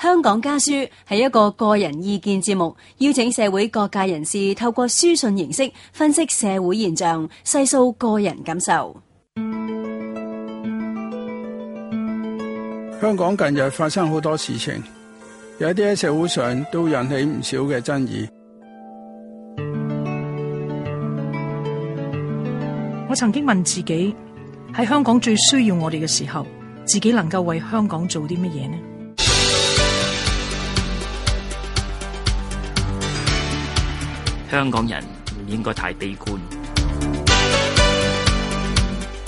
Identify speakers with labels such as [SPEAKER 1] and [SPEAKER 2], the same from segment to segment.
[SPEAKER 1] 香港家書係一個個人意見節目，邀請社會各界人士透過書信形式分析社會現象，細數個人感受。香港近日發生好多事情，有一啲喺社會上都引起唔少嘅爭議。我曾經問自己：喺香港最需要我哋嘅時候，自己能夠為香港做啲乜嘢呢？香港人唔應該太悲觀。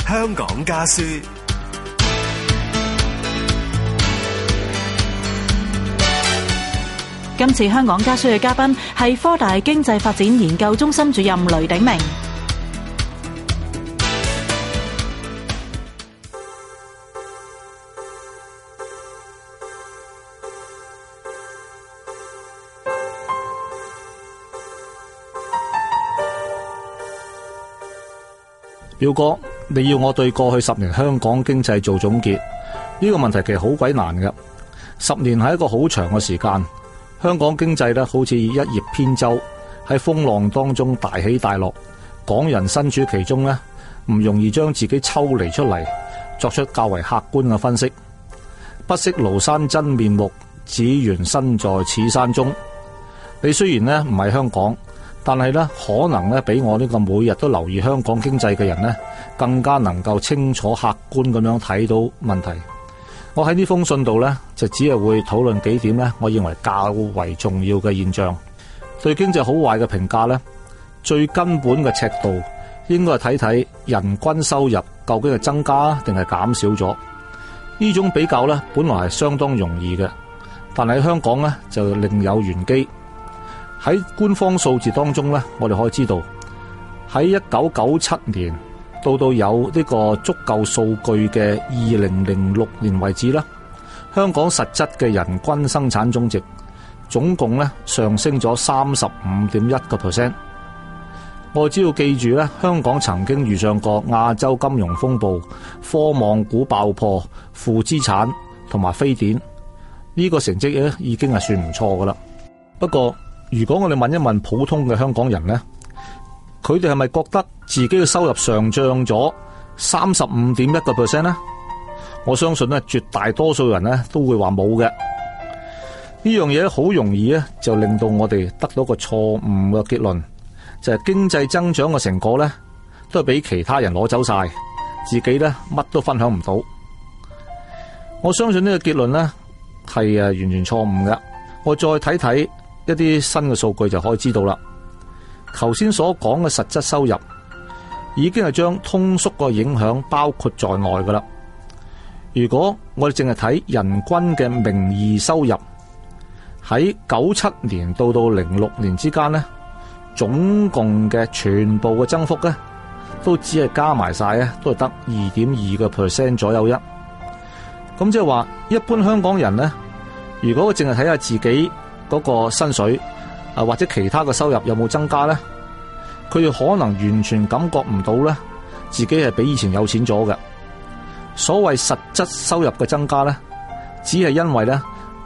[SPEAKER 1] 香港家書， 今次香港家書嘅嘉賓係科大經濟發展研究中心主任雷鼎鳴。表哥，你要我對過去十年香港經濟做總結，呢個問題其實好鬼難嘅。十年係一個好長嘅時間，香港經濟咧好似一葉扁舟喺風浪當中大起大落，港人身處其中咧唔容易將自己抽離出嚟，作出較為客觀嘅分析。不識廬山真面目，只緣身在此山中。你雖然咧唔係香港。但係咧，可能咧，比我呢個每日都留意香港經濟嘅人咧，更加能夠清楚客觀咁樣睇到問題。我喺呢封信度咧，就只係會討論幾點咧，我認為較為重要嘅現象。對經濟好壞嘅評價咧，最根本嘅尺度，應該係睇睇人均收入究竟係增加定係減少咗。呢種比較咧，本來係相當容易嘅，但係喺香港咧，就另有玄機。喺官方數字當中咧，我哋可以知道，喺一九九七年到到有呢個足夠數據嘅二零零六年為止啦，香港實質嘅人均生產總值總共咧上升咗三十五點一個 percent。我只要記住咧，香港曾經遇上過亞洲金融風暴、科網股爆破、負資產同埋非典，呢個成績咧已經係算唔錯噶啦。不過，如果我哋問一問普通嘅香港人咧，佢哋係咪覺得自己嘅收入上漲咗三十五點一個 percent 咧？我相信咧，絕大多數人咧都會話冇嘅。呢樣嘢好容易咧，就令到我哋得到個錯誤嘅結論，就係經濟增長嘅成果咧，都係俾其他人攞走晒，自己咧乜都分享唔到。我相信呢個結論咧係啊完全錯誤嘅。我再睇睇。一啲新嘅數據就可以知道啦。頭先所講嘅實質收入已經係將通縮個影響包括在內噶啦。如果我哋淨係睇人均嘅名義收入喺九七年到到零六年之間咧，總共嘅全部嘅增幅咧都只係加埋晒啊，都係得二點二個 percent 左右一。咁即係話，一般香港人咧，如果我淨係睇下自己。嗰個薪水啊，或者其他嘅收入有冇增加咧？佢可能完全感覺唔到咧，自己係比以前有錢咗嘅。所謂實質收入嘅增加咧，只係因為咧，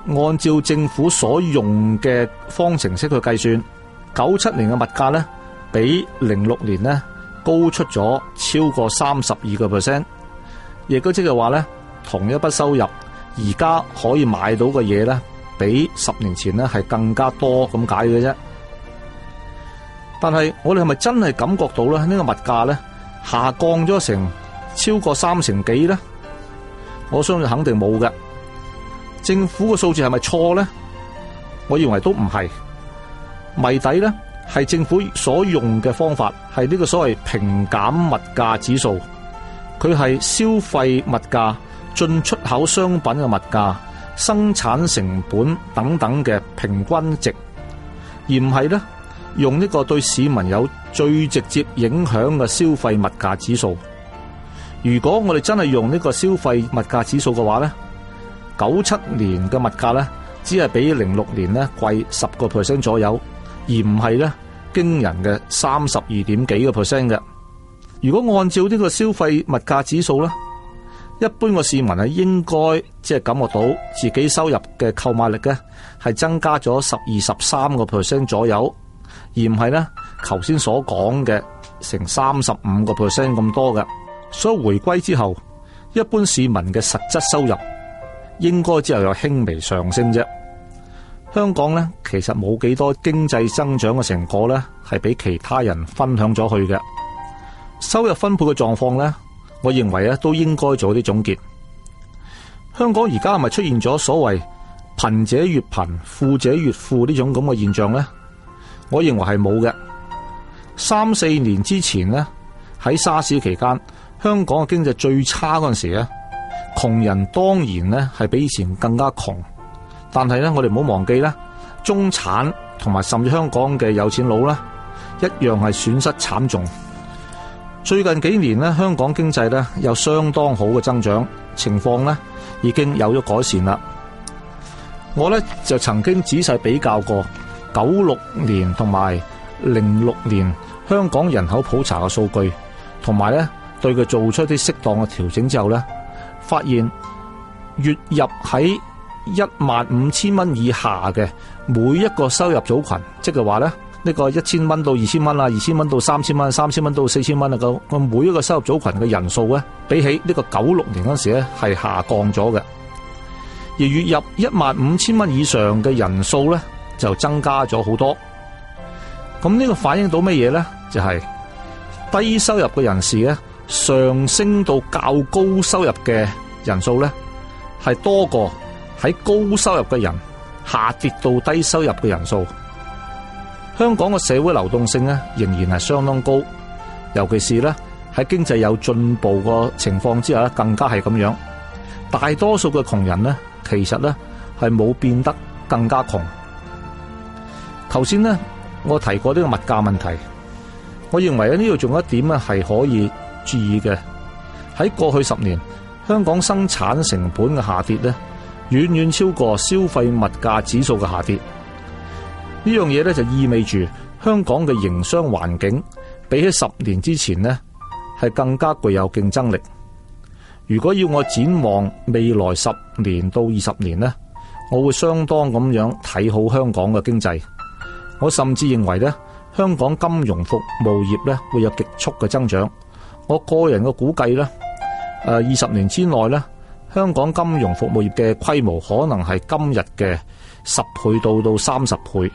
[SPEAKER 1] 按照政府所用嘅方程式去計算，九七年嘅物價咧，比零六年咧高出咗超過三十二個 percent。亦都即係話咧，同一筆收入而家可以買到嘅嘢咧。比十年前呢係更加多咁解嘅啫，但係我哋係咪真係感覺到咧呢個物價咧下降咗成超過三成幾咧？我相信肯定冇嘅。政府嘅數字係咪錯咧？我認為都唔係。謎底咧係政府所用嘅方法係呢個所謂平減物價指數，佢係消費物價，進出口商品嘅物價。生產成本等等嘅平均值，而唔係咧用呢個對市民有最直接影響嘅消費物價指數。如果我哋真係用呢個消費物價指數嘅話咧，九七年嘅物價咧只係比零六年咧貴十個 percent 左右，而唔係咧驚人嘅三十二點幾個 percent 㗎。如果按照呢個消費物價指數咧。一般嘅市民啊，應該即係感覺到自己收入嘅購買力咧，係增加咗十二十三個 percent 左右，而唔係咧頭先所講嘅成三十五個 percent 咁多嘅。所以回歸之後，一般市民嘅實質收入應該之後有輕微上升啫。香港咧其實冇幾多經濟增長嘅成果咧，係俾其他人分享咗去嘅。收入分配嘅狀況咧。我認為啊，都應該做啲總結。香港而家係咪出現咗所謂貧者越貧、富者越富呢種咁嘅現象咧？我認為係冇嘅。三四年之前咧，喺沙士期間，香港嘅經濟最差嗰陣時咧，窮人當然咧係比以前更加窮，但係咧我哋唔好忘記咧，中產同埋甚至香港嘅有錢佬咧，一樣係損失慘重。最近幾年呢，香港經濟呢有相當好嘅增長情況呢，已經有咗改善啦。我呢就曾經仔細比較過九六年同埋零六年香港人口普查嘅數據，同埋呢對佢做出啲適當嘅調整之後呢，發現月入喺一萬五千蚊以下嘅每一個收入組群，即係話呢。呢個一千蚊到二千蚊啦，二千蚊到三千蚊，三千蚊到四千蚊啊，咁。咁每一個收入組群嘅人數咧，比起呢個九六年嗰時咧，係下降咗嘅。而月入一萬五千蚊以上嘅人數咧，就增加咗好多。咁呢個反映到咩嘢咧？就係低收入嘅人士咧，上升到較高收入嘅人數咧，係多過喺高收入嘅人下跌到低收入嘅人數。香港嘅社會流動性咧仍然係相當高，尤其是咧喺經濟有進步嘅情況之下咧，更加係咁樣。大多數嘅窮人咧，其實咧係冇變得更加窮。頭先咧，我提過呢個物價問題，我認為咧呢度仲有一點咧係可以注意嘅。喺過去十年，香港生產成本嘅下跌咧，遠遠超過消費物價指數嘅下跌。呢樣嘢呢就意味住香港嘅營商環境比起十年之前呢，係更加具有競爭力。如果要我展望未來十年到二十年呢，我會相當咁樣睇好香港嘅經濟。我甚至認為呢，香港金融服務業呢會有極速嘅增長。我個人嘅估計呢，二十年之內呢，香港金融服務業嘅規模可能係今日嘅十倍到到三十倍。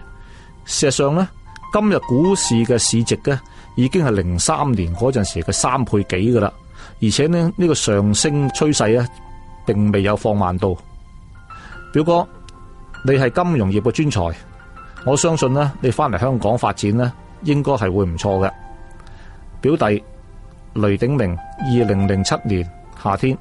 [SPEAKER 1] 事實上咧，今日股市嘅市值咧，已經係零三年嗰陣時嘅三倍幾噶啦，而且咧，呢個上升趨勢咧，並未有放慢到。表哥，你係金融業嘅專才，我相信咧，你翻嚟香港發展咧，應該係會唔錯嘅。表弟雷鼎鳴，二零零七年夏天。